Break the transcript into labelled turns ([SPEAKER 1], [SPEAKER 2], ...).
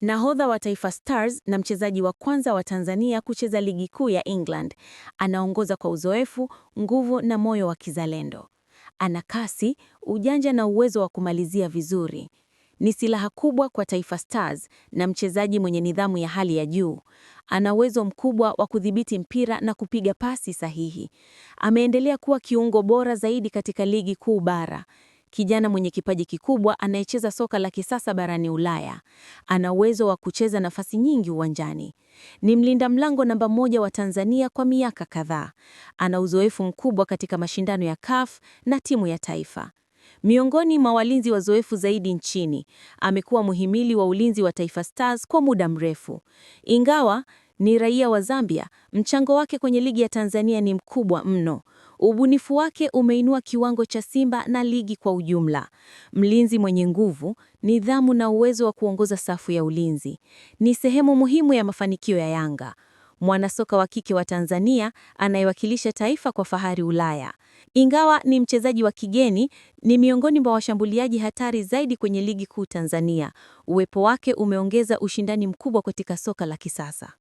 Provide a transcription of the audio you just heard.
[SPEAKER 1] nahodha wa Taifa Stars na mchezaji wa kwanza wa Tanzania kucheza ligi kuu ya England. Anaongoza kwa uzoefu, nguvu na moyo wa kizalendo. Ana kasi, ujanja na uwezo wa kumalizia vizuri. Ni silaha kubwa kwa Taifa Stars na mchezaji mwenye nidhamu ya hali ya juu. Ana uwezo mkubwa wa kudhibiti mpira na kupiga pasi sahihi. Ameendelea kuwa kiungo bora zaidi katika ligi kuu bara kijana mwenye kipaji kikubwa anayecheza soka la kisasa barani Ulaya. Ana uwezo wa kucheza nafasi nyingi uwanjani. Ni mlinda mlango namba moja wa Tanzania kwa miaka kadhaa. Ana uzoefu mkubwa katika mashindano ya CAF na timu ya taifa. Miongoni mwa walinzi wazoefu zaidi nchini, amekuwa muhimili wa ulinzi wa Taifa Stars kwa muda mrefu. Ingawa ni raia wa Zambia, mchango wake kwenye ligi ya Tanzania ni mkubwa mno. Ubunifu wake umeinua kiwango cha Simba na ligi kwa ujumla. Mlinzi mwenye nguvu, nidhamu na uwezo wa kuongoza safu ya ulinzi ni sehemu muhimu ya mafanikio ya Yanga. Mwanasoka wa kike wa Tanzania anayewakilisha taifa kwa fahari Ulaya. Ingawa ni mchezaji wa kigeni, ni miongoni mwa washambuliaji hatari zaidi kwenye ligi kuu Tanzania. Uwepo wake umeongeza ushindani mkubwa katika soka la kisasa.